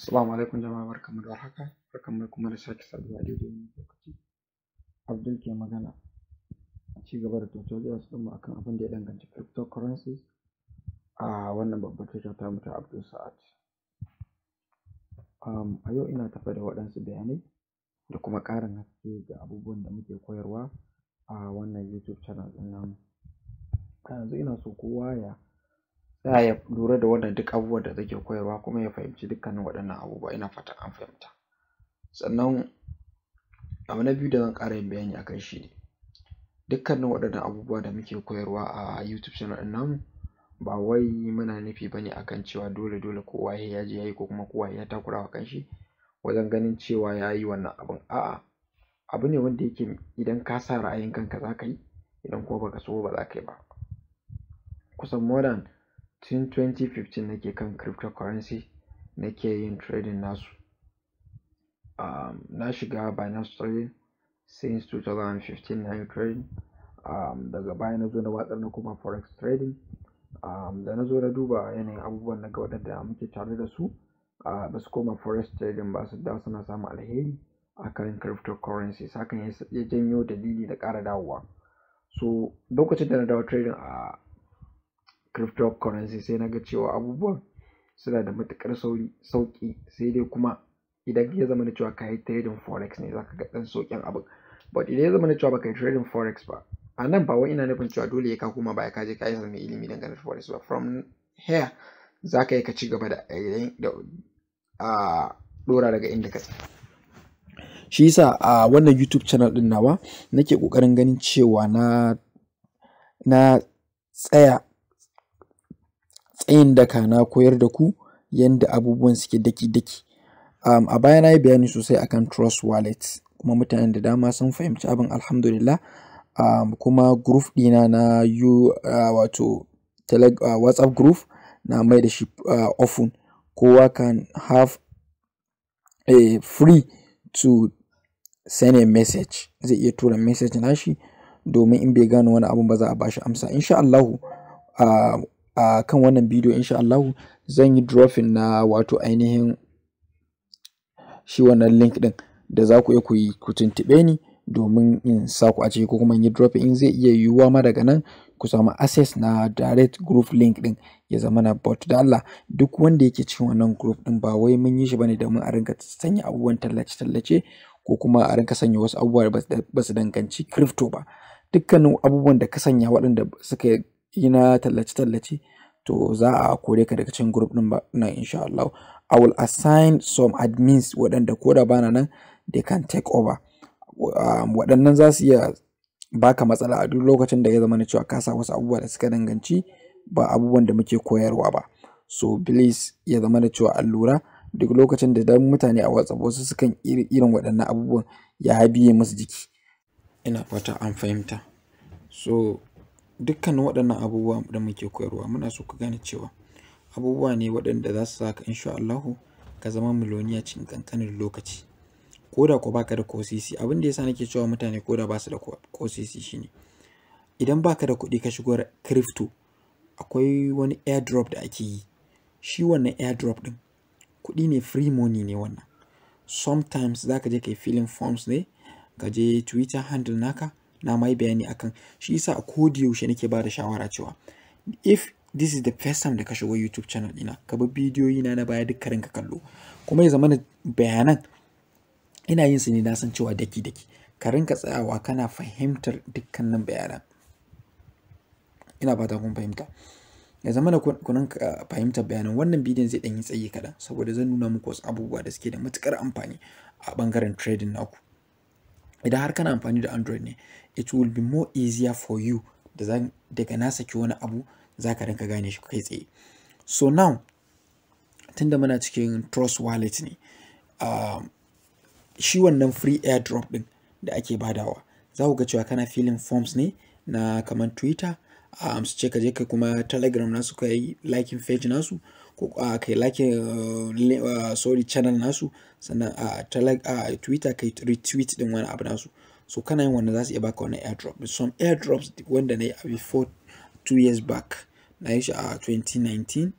Assalamu alaikum jama'a barkamu da warhaka barkamu kuma da sake saduwa a daidai wannan lokaci Abdul ke magana a ci gaba da tutorials ɗin mu akan abin da ya danganci cryptocurrencies a wannan babbar tashar ta mutu Abdul Sa'ad um, a yau ina tafe da waɗansu bayanai da kuma ƙarin haske ga abubuwan da muke koyarwa a wannan YouTube channel ɗin namu a yanzu ina so kowa ya za ya lura da wannan duk abubuwan da take koyarwa kuma ya fahimci dukkanin waɗannan abubuwa ina fatan an fahimta sannan abu na biyu da zan ƙara yin bayani akan shi ne dukkanin waɗannan abubuwa da muke koyarwa a YouTube channel ɗin namu ba wai muna nufi ba ne akan cewa dole dole kowa ya je yayi ko kuma kowa ya takura wa kanshi wajen ganin cewa ya yi wannan abun a'a abu ne wanda yake idan ka sa ra'ayin kanka za ka yi idan kuma baka so ba za ka yi ba kusan more tun 2015 nake kan cryptocurrency nake yin trading nasu um, na shiga binance trading since 2015 na yi trading um, daga baya na zo na watsar na kuma forex trading um, da na zo na duba yanayin abubuwan na ga waɗanda muke tare da su uh, ba su koma forex trading ba su da suna samun alheri akan cryptocurrency hakan ya janyo dalili da ƙara dawowa so lokacin da na dawo trading a cryptocurrency sai na ga cewa abubuwan suna da matukar sauri sauki sai dai kuma idan ya zama na cewa ka yi trading forex ne za ka ga ɗan sauƙin abin but idan ya zama na cewa ba ka yi trading forex ba a nan ba wai ina nufin cewa dole ya ka kuma ba ya kaje ka yi zama ilimi dangane da forex ba from here za ka yi ka ci gaba da a ɗora daga inda ka tsaya shi yasa a wannan youtube channel ɗin nawa nake kokarin ganin cewa na tsaya tsayin daka na koyar da ku yanda abubuwan suke daki-daki um, a baya na yi bayani sosai akan trust wallet kuma mutanen da dama sun fahimci abin alhamdulillah um, kuma group dina na yu uh, wato teleg, uh, whatsapp group na mai da shi uh, often kowa kan have a free to send a message zai iya tura message nashi domin in bai gano wani abun ba za a bashi amsa insha Allahu a kan wannan bidiyo insha Allah zan yi dropping na wato ainihin shi wannan link din da za ku iya ku yi ku tuntube ni domin in sa ku a ciki ko kuma in yi dropping in zai iya yiwuwa ma daga nan ku samu access na direct group link din ya zama na bot da Allah duk wanda yake cikin wannan group din ba wai mun yi shi bane mun a rinka sanya abubuwan tallace tallace ko kuma a rinka sanya wasu abubuwa ba su danganci crypto ba dukkanin abubuwan da ka sanya waɗanda suka ina tallace-tallace to za a kore ka daga cikin group din ba nan insha Allah I will assign some admins waɗanda ko da bana nan they can take over um, waɗannan za su iya baka matsala a duk lokacin da ya zama na cewa ka sa wasu abubuwa da suka danganci ba abubuwan da muke koyarwa ba so please ya zama da cewa an duk lokacin da dan mutane a WhatsApp wasu sukan irin waɗannan abubuwan ya habiye musu jiki ina fata an fahimta so dukkanin waɗannan abubuwa da muke koyarwa muna so ka gane cewa abubuwa ne waɗanda za su sa ka insha Allahu ka zama miloniya cikin kankanin lokaci koda da ko baka da kosisi abin da yasa nake cewa mutane ko da ba su da kosisi shine idan baka da kuɗi ka shigo crypto akwai wani airdrop da ake yi shi wannan airdrop ɗin kuɗi ne free money ne wannan sometimes za ka je ka yi filin forms ne ka je twitter handle naka na mai bayani akan shi yasa a koda yaushe nake ba da shawara cewa if this is the first time da ka shigo YouTube channel ina ka bi bidiyoyi na na baya duka ranka kallo kuma ya zamana bayanan ina yin su ne na san cewa daki daki ka rinka tsayawa kana fahimtar dukkanin bayanan ina ta kun fahimta ya zama da kunan eh, fahimtar bayanan wannan bidiyon zai ɗan yi tsayi kaɗan saboda zan nuna muku wasu abubuwa da suke da matuƙar amfani a bangaren trading naku idan har kana amfani da android ne it will be more easier for you da daga na saki wani abu zaka ka rinka gane shi kai tsaye so now tunda muna cikin trust wallet ne um, shi wannan free airdrop din da ake badawa za ku ga cewa kana filin forms ne na kamar twitter um, su ce ka je ka kuma telegram nasu ka yi like page nasu ko uh, ka yi sorry channel nasu sannan a uh, uh, twitter kai retweet din wani abu nasu so kana yin wanda za su iya baka wani airdrop some airdrops wanda na yi a before two years back na yi shi a 2019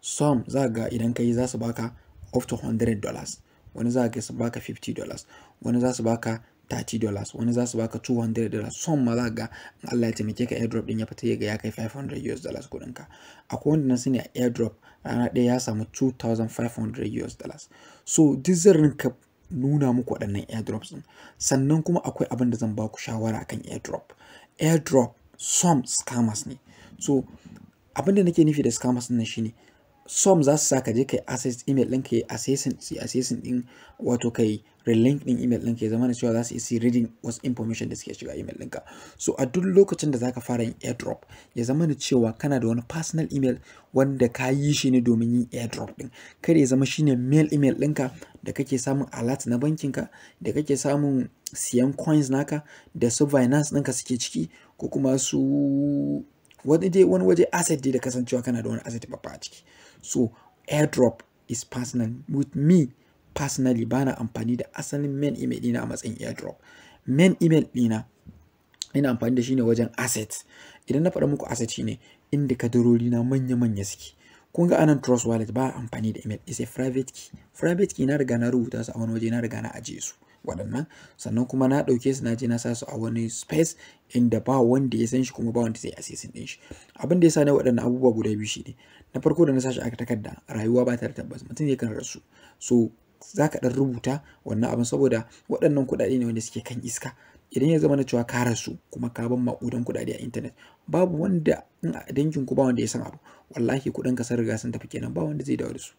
some za ga idan ka yi za su baka up to 100 dollars wani za ka su baka 50 dollars wani za su baka 30 dollars wani za su baka 200 dollars some ma za ga in Allah ya taimake ka airdrop din ya fita ya ga ya kai 500 US dollars kudin ka akwai wanda na sani a airdrop rana ɗaya ya samu 2500 US dollars so dizarin ka nuna muku waɗannan airdrops ɗin sannan kuma akwai abin da zan ba ku shawara akan airdrop airdrop some scammers ne so abin da nake nufi da scammers ɗin shine some za su sa ka je yi access email ɗin kai yi assessing ɗin wato kai link din email ɗinka ya zama cewa za su isi reading was information da suke shiga email ɗinka so a duk lokacin da zaka fara yin airdrop ya zama cewa kana da wani personal email wanda ka yi shi ne domin yin airdrop ɗin kar ya zama shine mail email ɗinka da kake samun alert na bankinka da kake samun siyan coins naka da su Binance ɗinka suke ciki ko kuma su wani dai wani waje asset dai da kasancewa kana da wani asset babba a ciki so airdrop is personal with me personally bana amfani da asalin main email ɗina a matsayin airdrop main email ɗina ina amfani da shi ne wajen assets idan na faɗa muku asset shine inda kadarori na manya-manya suke kun ga anan trust wallet ba amfani da email sai private key private key na riga na rubuta su a wani waje na riga na ajiye su waɗannan sannan kuma na ɗauke su na je na sa su a wani space inda ba wanda ya san shi kuma ba wanda zai assessing din shi abin da ya sa na waɗannan abubuwa guda biyu shi ne na farko da na sa shi a takarda rayuwa ba ta da tabbas mutum yakan rasu so za ka ɗan rubuta wannan abin saboda waɗannan kuɗaɗe ne wanda suke kan iska idan ya zama na cewa ka rasu kuma ka ban maƙudan kuɗaɗe a intanet babu wanda in a dangin ku ba wanda ya san abu wallahi kuɗin ka sun riga sun tafi kenan ba wanda zai dawo da su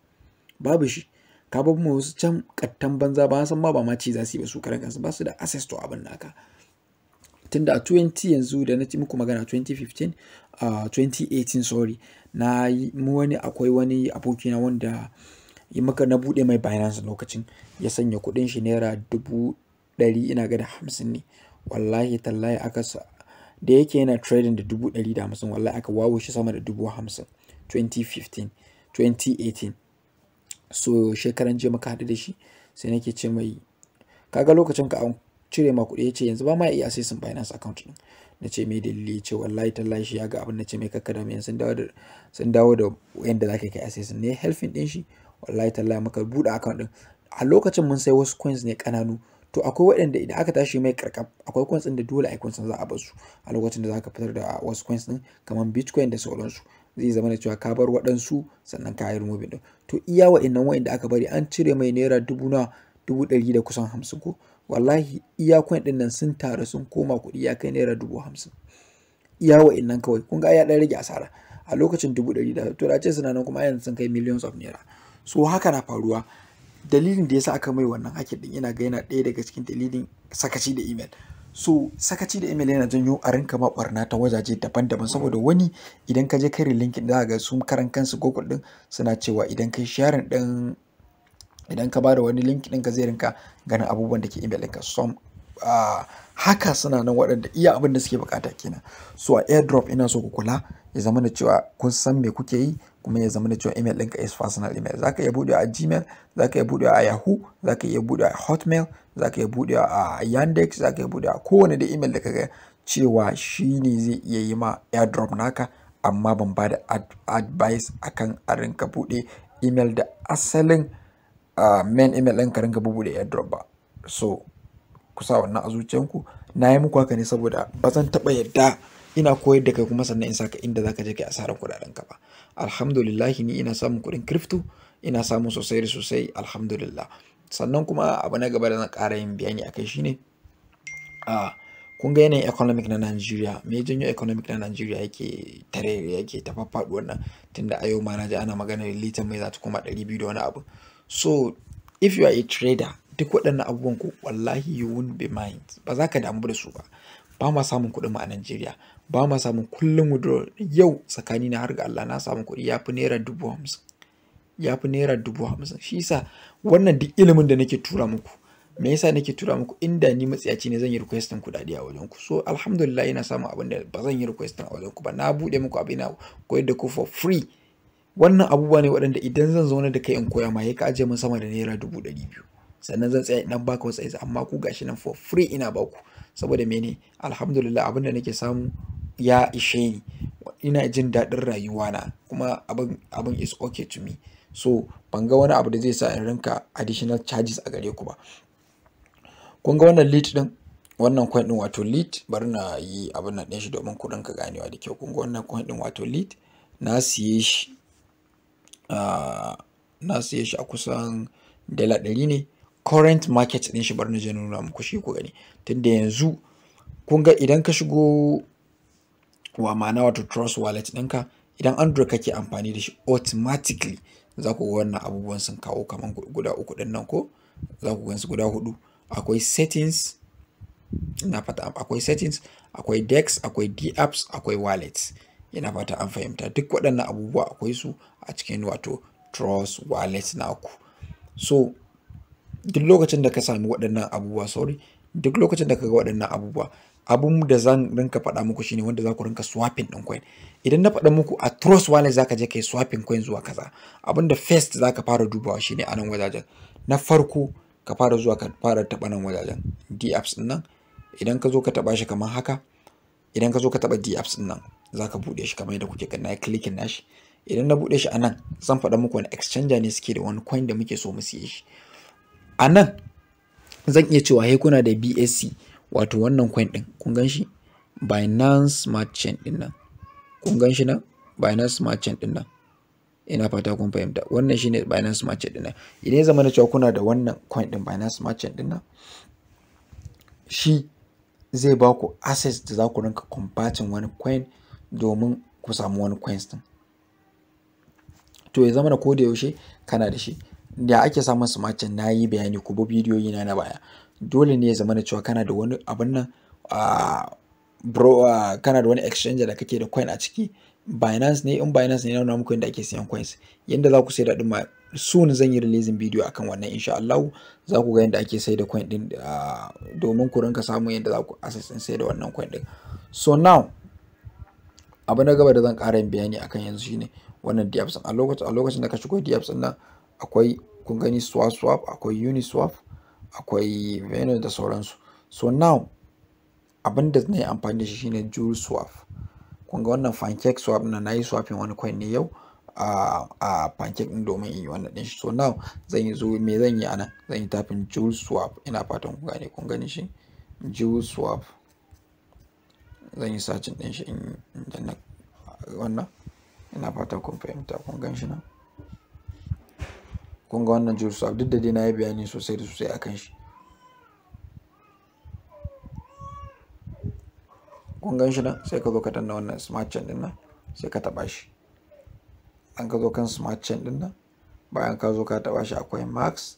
babu shi ka bar ma wasu can kattan banza ba san ma ba ma ci za su yi ba su karan kansu ba su da access to abin naka tunda a 20 yanzu da na ci muku magana 2015 uh, 2018 sorry na yi wani akwai wani abokina wanda yi maka na bude mai Binance lokacin ya sanya kuɗin shi naira dubu ɗari ina ga da hamsin ne wallahi tallahi aka sa da yake yana trading da dubu ɗari da hamsin wallahi aka wawo shi sama da dubu hamsin 2015 2018 so shekaran jiya muka haɗu da shi sai nake ce mai kaga lokacin ka an cire ma kuɗi yace yanzu ba ma iya accessing Binance account ɗin nace ce mai dalili ya wallahi tallahi shi ya ga abin na ce mai kakkada yanzu. sun dawo da sun dawo da yanda zaka kai accessing ne helfin din shi wallahi tallahi muka buɗe account din a lokacin mun sai wasu coins ne kananu to akwai waɗanda idan aka tashi mai karkam akwai coins din da dole ai coins za a bar su a lokacin da zaka fitar da wasu coins din kamar bitcoin da sauransu zai zama da cewa ka bar waɗansu sannan ka yi removing din to iya wa'annan wa'anda aka bari an cire mai naira dubu na dubu ɗari da kusan hamsin ko wallahi iya coin din nan sun taru sun koma kuɗi ya kai naira dubu hamsin iya wa'annan kawai kun ga ya ɗan rage asara a lokacin dubu ɗari da to da ce suna nan kuma yanzu sun kai millions of naira so haka na faruwa dalilin da yasa aka mai wannan hakin din yana ga yana ɗaya daga cikin dalilin sakaci da email so sakaci da email yana janyo a rinka ma barna ta wajaje daban-daban saboda wani idan ka je kai linkin za ga sun karan kansu google din suna cewa idan kai sharing din idan ka bada wani link din ka zai rinka ganin abubuwan da ke email ɗinka some haka suna nan waɗanda iya abin da suke bukata kenan so a airdrop ina so ku kula ya zama da cewa kun san me kuke yi kuma ya zama da cewa email ɗinka is personal email za ka iya buɗewa a gmail za ka iya buɗewa a yahoo za ka iya buɗewa a hotmail za ka iya buɗewa a yandex za ka iya buɗewa a kowane da email da kaga cewa shi ne zai iya yi ma airdrop naka amma ban ba da advice akan a rinka buɗe email da asalin main email ɗinka ka rinka buɗe airdrop ba so ku sa wannan a zuciyanku na yi muku haka ne saboda ba zan taɓa yadda ina koyar da kai kuma sannan in saka inda za zaka je kai asarar kuɗaɗen ka ba alhamdulillah ni ina samun kuɗin crypto ina samun sosai da sosai alhamdulillah sannan kuma abu na gaba da zan ƙara yin bayani akai shine a kun ga yanayin economic na Najeriya me janyo economic na Najeriya yake tarere yake ta faɗuwar wannan tunda a yau ma na ji ana magana litan mai za ta koma ɗari biyu da wani abu so if you are a trader duk waɗannan abubuwan ku wallahi you won't be mind ba za ka damu da su ba ba ma samun kuɗin mu a Najeriya ba ma samun kullum withdraw yau tsakani na har ga Allah na samu kuɗi ya fi naira dubu hamsin ya fi naira dubu hamsin shi yasa wannan duk ilimin da nake tura muku me yasa nake tura muku inda ni matsiyaci ne zan yi requestin kuɗaɗe a wajen ku so alhamdulillah ina samun abin da ba zan yi requestin a wajen ku ba na buɗe muku abin na koyar da ku for free wannan abubuwa ne waɗanda idan zan zauna da kai in koya ma ya ka ajiye min sama da naira dubu ɗari biyu sannan zan tsaya idan baka wasu amma ku gashi nan for free ina baku saboda mene alhamdulillah abin da nake samu ya ishe ni ina jin daɗin rayuwa na kuma abin is okay to me so ban ga wani abu da zai sa in rinka additional charges a gare ku ba kun ga wannan lead din wannan coin din wato lead bari na yi abin nan din shi domin ku rinka ganewa da kyau kun ga wannan coin din wato lead na siye shi ah, na siye shi a kusan dala ɗari ne current market din shi barna na je nuna muku shi ku gani tunda yanzu kun ga idan ka shigo wa ma'ana wato trust wallet ɗinka idan android kake amfani da shi automatically za ku ga wannan abubuwan sun kawo kaman guda uku din nan ko za ku gansu guda hudu akwai settings ina fata akwai settings akwai dex akwai apps akwai wallets ina fata an fahimta duk waɗannan abubuwa akwai su a cikin wato trust wallet naku so duk lokacin da ka sami waɗannan abubuwa sorry duk lokacin da ka ga waɗannan abubuwa abun da zan rinka faɗa muku shine wanda za ku rinka swapping ɗin coin idan na faɗa muku a trust wallet ka je kai swapping coin zuwa kaza abun da first ka fara dubawa shine anan nan wajajen na farko ka fara zuwa ka fara taɓa nan wajajen d apps ɗin nan idan ka zo ka taɓa shi kamar haka idan ka zo ka taɓa d apps ɗin nan zaka buɗe shi kamar yadda kuke kan na clicking nashi idan na buɗe shi a nan zan faɗa muku wani exchanger ne suke da wani coin da muke so mu siye shi a nan zan iya cewa he kuna da BSC wato wannan coin din kun gan shi Binance Smart Chain din nan kun gan shi nan Binance Smart Chain din nan ina fata kun fahimta wannan shine Binance Smart Chain din nan idan ya zama na cewa kuna da wannan coin din Binance Smart Chain din nan shi zai ba ku access da za ku rinka kumfatin wani coin domin ku samu wani coins din to ya zama na ko da yaushe kana da shi da ake samun smart chain na yi bayani ko bidiyoyi na na baya dole ne ya zama da cewa kana da wani abun nan bro kana da wani exchange da kake da coin a ciki Binance ne in Binance ne na nuna muku yadda ake siyan coins yadda za ku sai da ɗin ma soon zan yi releasing video akan wannan insha Allah za ku ga yadda ake sai da coin din domin ku rinka samun yadda za ku assess din sai da wannan coin din so now abu na gaba da zan ƙara yin bayani akan yanzu shine wannan DApps a lokacin a lokacin da ka shigo DApps nan akwai kun gani swap swap akwai uniswap akwai venus da sauransu so now abin da na yi amfani da shi shine jewel swap kun ga wannan pancake swap na na yi swapping wani coin ne yau a a pancake din domin in yi wannan din shi so now zan yi zo me zan yi anan zan yi tafin jewel swap ina fatan ku gane kun gani shi jewel swap zan yi sacin din shi in na wannan ina fatan kun fahimta kun gan shi nan kun ga wannan Julius Swap duk da dai na yi bayani sosai da sosai akan shi kun gan shi nan sai ka zo ka danna wannan smart chain din nan sai ka taba shi an ka zo kan smart chain din nan bayan ka zo ka taba shi akwai max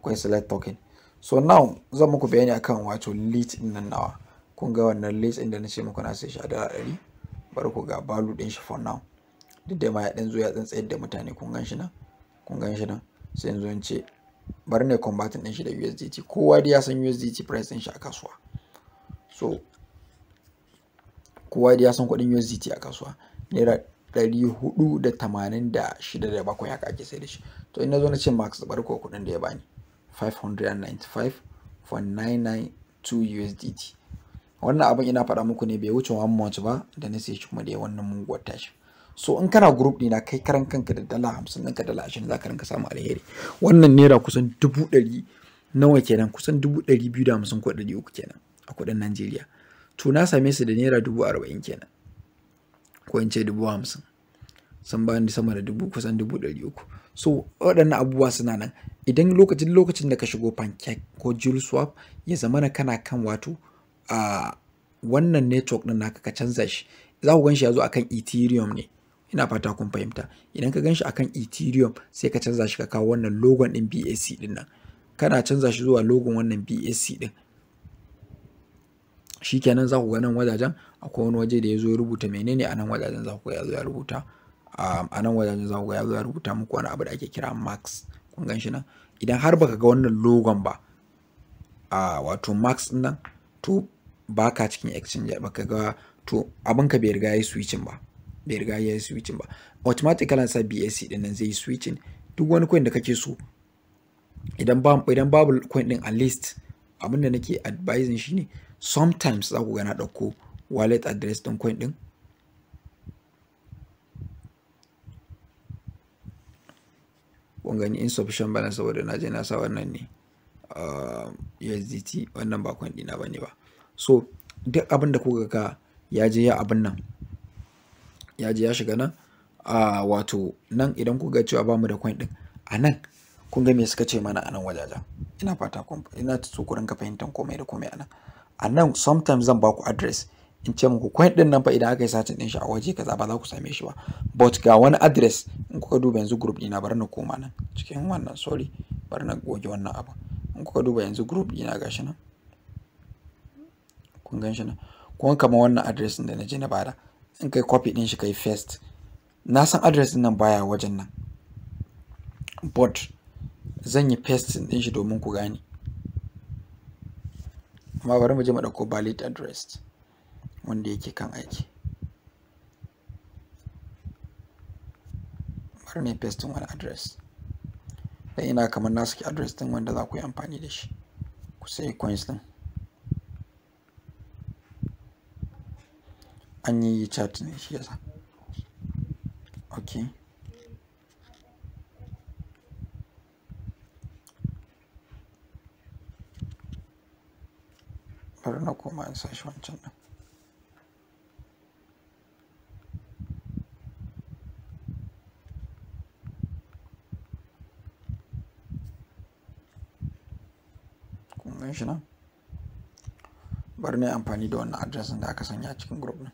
akwai select token so now zan muku bayani akan wato lit din nan nawa kun ga wannan lit din da na ce muku na sai shi a dala 100 bari ku ga value din shi for now duk da ma ya dan zo ya tsantsayar da mutane kun gan shi nan kun gan shi nan sai yanzu in ce bari ne combatant din shi da USDT kowa dai ya san USDT price din shi a kasuwa so kowa dai ya san kuɗin USDT a kasuwa naira ɗari hudu da tamanin da shida da bakwai haka ake sai da shi to in na zo na ce max bari ko kuɗin da ya bani 595.992 USDT wannan abin ina faɗa muku ne bai wuce one month ba da na sai shi kuma da wannan muguwar tashi so in kana group ɗina kai karan kanka da dala hamsin ɗinka dala ashirin za ka rinka samu alheri wannan naira kusan dubu ɗari nawa kenan kusan dubu ɗari biyu da hamsin ko ɗari uku kenan a kuɗin najeriya to na same su da naira dubu arba'in kenan ko in ce dubu hamsin sun ba ni sama da dubu kusan dubu ɗari uku so waɗannan abubuwa suna nan idan lokacin lokacin da ka shigo pancake ko jewel swap ya zama na kana kan wato a ah, wannan network ɗin naka ka canza shi za ku gan shi ya zo akan ethereum ne ina fata kun fahimta idan ka ganshi akan ethereum sai ka canza shi ka kawo wannan logon din BAC din nan kana canza shi zuwa logon wannan BAC din shikenan za ku ga nan wajajen akwai wani waje da ya zo rubuta menene a nan wajajen za ku ga ya ya rubuta a nan wajajen za ku ga ya ya rubuta muku wani abu da ake kira max kun ganshi nan idan har baka ga wannan logon ba a wato max din nan to baka cikin exchange baka ga to abinka bai riga ya yi switching ba bai riga ya yi switching ba automatically an sa BSC din nan zai yi switching duk wani coin da kake so idan ba idan babu coin din a list abin da nake advising shine sometimes za ku ga na dauko wallet address din coin din kun gani insufficient balance saboda na je na sa wannan ne ah, USDT wannan ba coin dina bane ba so duk abin da kuka ga ya je ya abin nan ya je ya shiga nan a wato nan idan kuka cewa ba mu da coin din a nan kun ga me suka ce mana a nan wajajen ina fata kun ina so ku rinka fahimtar komai da komai a nan a nan sometimes zan ba ku address in ce muku coin din nan fa idan aka yi satin din shi a waje kaza ba za ku same shi ba but ga wani address in kuka duba yanzu group dina bar na koma nan cikin wannan sorry bar na goge wannan abu in kuka duba yanzu group dina gashi nan kun gan shi nan kuma kama wannan address din da na je na bada in kai copy din shi kai paste na san address din nan baya wajen nan but zan yi paste din shi domin ku gane amma bari mu je mu dauko valid address wanda yake kan aiki bari ne paste wani address dan ina kamar na saki address din wanda za ku yi amfani da shi ku sai coins din an yi chat ne shi yasa okay bari na koma in sa shi wancan din kun gan shi nan bari na yi amfani da wannan adresin da aka sanya cikin group din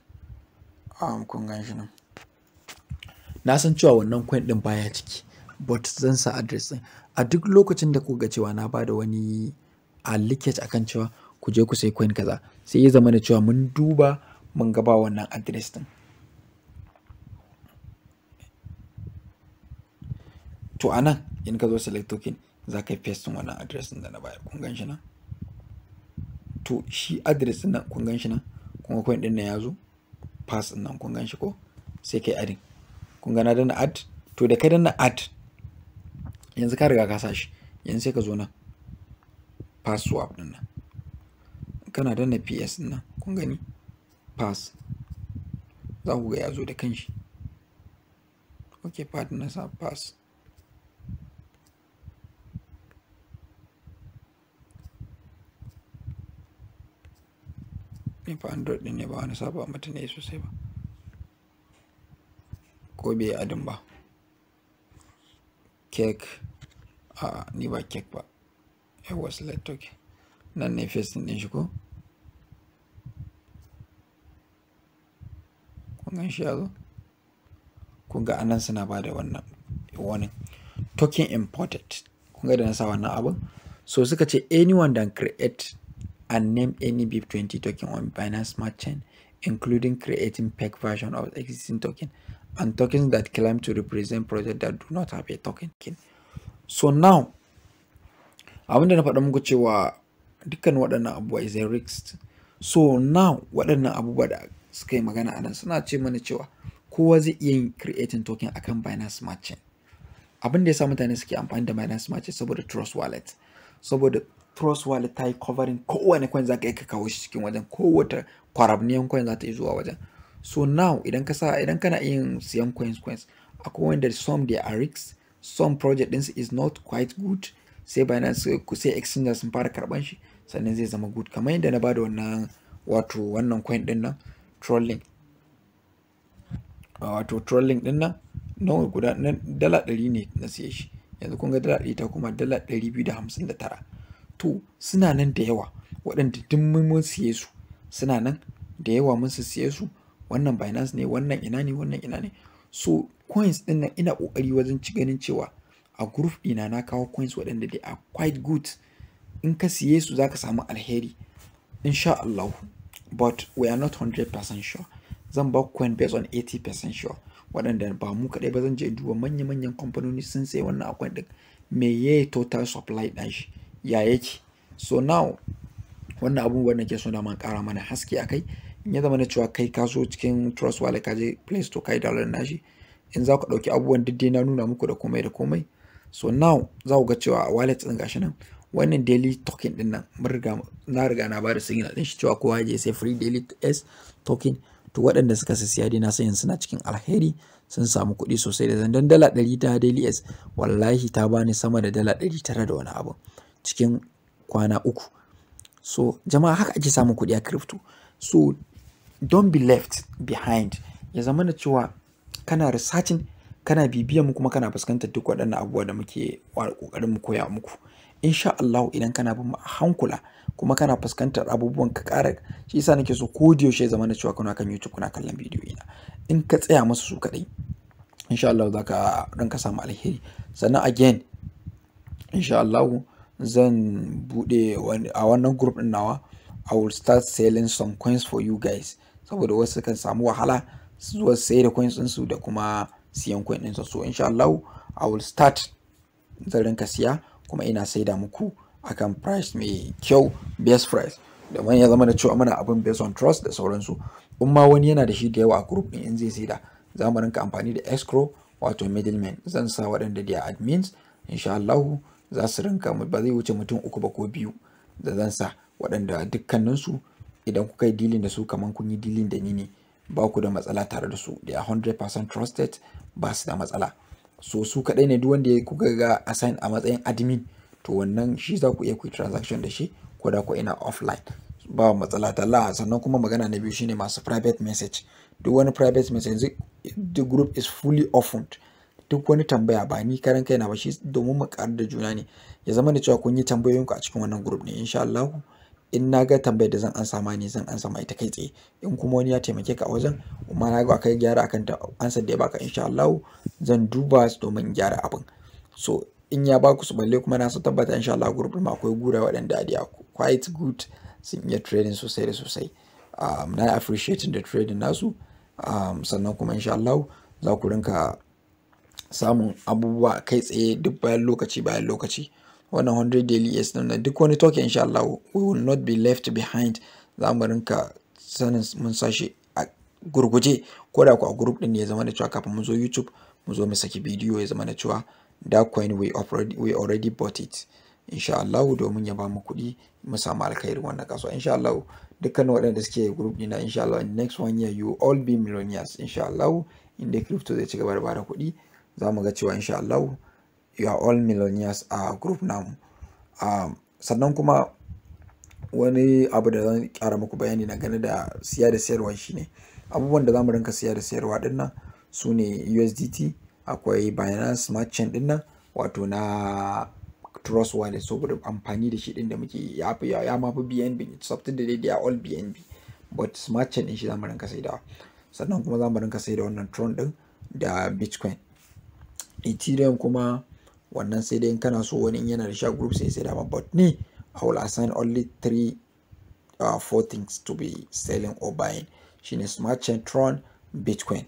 um, kun gan shi nan na san cewa wannan coin din baya ciki but zan sa address din a duk lokacin da kuka cewa na bada wani a leakage akan cewa ku je ku sai coin kaza sai ya zama da cewa mun duba mun ga ba wannan address din to anan in ka zo select token za ka yi paste wannan address din da na baya kun gan shi nan to shi address din nan kun gan shi nan kuma coin din nan ya zo pass din nan kun gan shi ko sai kai adin kun ga na danna add to da ka danna add yanzu ka riga ka sa shi yanzu sai ka zo nan pass swap din nan kana danna ps din nan kun gani pass za ku ga ya zo da kanshi okay part na sa pass ni fa android din ne ba wani saba mata ne sosai ba ko bai adin ba cake a ni ba cake ba was slide token nan ne face ɗin shi ko kun gan shi yazo kun ga anan suna ba da wannan warning token imported kun ga da na sa wannan abin so suka ce anyone that create and name any BIP20 token on Binance Smart Chain, including creating peg version of existing token and tokens that claim to represent projects that do not have a token. So now, abinda na faɗa muku cewa dukkan waɗannan abubuwa is a risk. So now, waɗannan abubuwa da suka yi magana a nan suna ce mana cewa kowa zai creating token akan Binance Smart Chain. Abin da ya sa mutane suke amfani da Binance Smart Chain the Trust Wallet. the trust wallet ta yi covering kowane coin za ka iya kawo shi cikin wajen wata kwarabniyan coin za ta yi zuwa wajen so now idan ka sa idan kana yin siyan coins coins akwai wanda some they are risks some project din is not quite good sai Binance ku sai exchanges sun fara karban shi sannan zai zama good kamar yadda na bada wannan wato wannan coin din nan trolling ah, wato trolling din nan nawa guda dala 100 ne na siye shi yanzu kun ga dala 100 ta kuma dala 259 to suna nan da yawa waɗanda duk mun siye su suna nan da yawa mun su siye su wannan Binance ne wannan ina ne wannan ina ne so coins ɗin nan ina kokari wajen ci ganin cewa a group ɗina na kawo coins waɗanda they are quite good in ka siye su zaka samu alheri insha Allah but we are not 100% sure zan ba coin based on 80% sure waɗanda ba mu kaɗai ba zan je duba manya-manyan kamfanoni sun sai wannan akwai ɗin me ya total supply ɗin ya yake so now wannan abubuwan da ke suna man kara mana haske a kai in ya zama na cewa kai ka so cikin trust wallet ka je play store kai download nashi in za ku ɗauki abubuwan duk na nuna muku da komai da komai so now za ku ga cewa a wallet ɗin gashi nan wannan daily token ɗin nan na riga na bada signal ɗin shi cewa kowa ya je sai free daily s token to waɗanda suka siya dai na sayin suna cikin alheri sun samu kuɗi sosai da zan don dala ɗari ta daily s wallahi ta bani sama da dala ɗari tara da wani abu cikin kwana uku so jama'a haka ake samun kuɗi a crypto so don't be left behind ya zama na cewa kana researching kana bibiyan mu kuma kana fuskantar duk waɗannan abubuwa da muke ƙoƙarin mu koya muku insha Allah idan kana bin mu a hankula kuma kana fuskantar abubuwan ka ƙara shi yasa nake so ko da yaushe zama na cewa kana kan YouTube kuna kallon bidiyo ina in ka tsaya musu su kaɗai insha Allah za ka ranka samu alheri sannan again insha Allah zan bude a wannan group din nawa I will start selling some coins for you guys saboda wasu kan samu wahala su zuwa sai da coins su da kuma siyan coin su so insha Allah I will start zan ka siya kuma ina saida muku akan price mai kyau best price domin ya zama da cewa mana abin based on trust da sauransu in ma wani yana da shi da yawa a group din in zai sai da mu rinka amfani da escrow wato middleman zan sa waɗanda da admins insha Allah za su rinka ba zai wuce mutum uku ba ko biyu da zan sa waɗanda dukkaninsu idan kuka yi dilin da su kamar kun yi dilin da ni ne ba ku da matsala tare da su da are 100% trusted ba su da matsala so su kaɗai ne duk wanda ya kuka ga assign a matsayin admin to wannan shi za ku iya ku transaction da shi ko da ku ina offline ba matsala ta talla sannan kuma magana na biyu shine masu private message duk wani private message the group is fully opened duk wani tambaya ba ni karan kaina ba shi domin mu karu da juna ne ya zama da cewa kun yi tambayoyin ku a cikin wannan group ne insha Allah in na ga tambayar da zan ansa ma ne zan ansa mai ita kai tsaye in kuma wani ya taimake ka a wajen kuma na ga kai gyara akan ta ansar da ya baka insha Allah zan duba su domin gyara abin so in ya baku su balle kuma na so tabbata insha Allah group ma akwai gura waɗanda a quite good sun iya trading sosai da sosai um, na appreciating da trading nasu um, sannan kuma insha Allah za ku rinka samun abubuwa kai tsaye duk bayan lokaci bayan lokaci wannan 100 daily years na na duk wani toke insha Allah we will not be left behind za mu rinka sanin mun sashi a gurguje ko da ku a group din ne ya zama da cewa kafin mu zo YouTube mu zo mu saki bidiyo ya zama da cewa that coin we already we already bought it insha Allah domin ya ba mu kuɗi mu samu alkhairin wannan kasuwa insha Allah dukkan waɗanda suke group dina insha Allah next one year you all be millionaires insha Allah inda crypto zai ci gaba da bada kuɗi za mu ga cewa insha Allah you are all millionaires a group namu sannan kuma wani abu da zan kyara muku bayani na gane da siya da sayarwa shine abubuwan da za mu rinka siya da sayarwa din nan su ne USDT akwai Binance Smart Chain din wato na Trust Wallet saboda amfani da shi din da muke ya fi ya ma fi BNB something da dai all BNB but Smart Chain din shi za mu rinka saidawa sannan kuma za mu rinka saida wannan Tron din da Bitcoin ethereum kuma wannan sai dai n kana so wani yana da sha group sai sai dama but ni i will assign only three uh, four things to be selling or buying shine smart chain tron bitcoin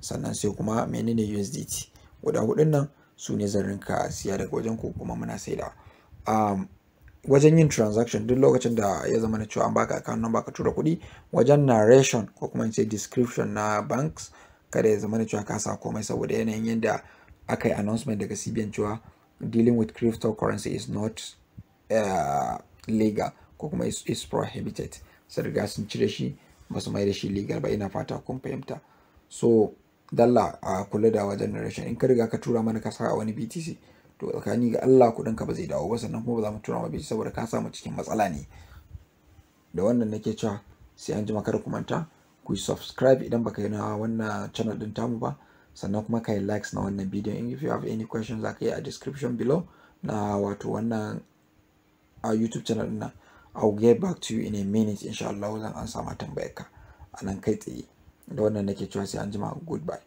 sannan sai kuma menene usdt guda hudun nan su ne zan rinka siya daga wajen ko kuma muna saida um, wajen yin transaction duk lokacin da ya zama na cewa an baka account number ka tura kuɗi wajen narration ko kuma in ce description na banks kada ya zama na cewa ka sa komai saboda yanayin yanda. aka yi announcement daga cbn cewa dealing with cryptocurrency is not uh, legal ko kuma is prohibited sun riga sun cire shi ba su mai da shi legal ba ina fata kun fahimta so dalla a kula da wajen narration in ka riga ka tura mana ka saka wani btc to tsakani ga allah kudin ka ba zai dawo ba sannan kuma ba za mu tura ma btc saboda ka samu cikin matsala ne da wannan nake cewa sai an jima kada ku manta ku subscribe idan baka yi na wannan channel din tamu ba sannan kuma ka yi likes na wannan video in if you have any questions za ka yi a description below na wato wannan a youtube channel na i'll get back to you in a minute insha Allah zan an sama tambayar ka a nan kai tsaye da wannan nake cewa sai an jima goodbye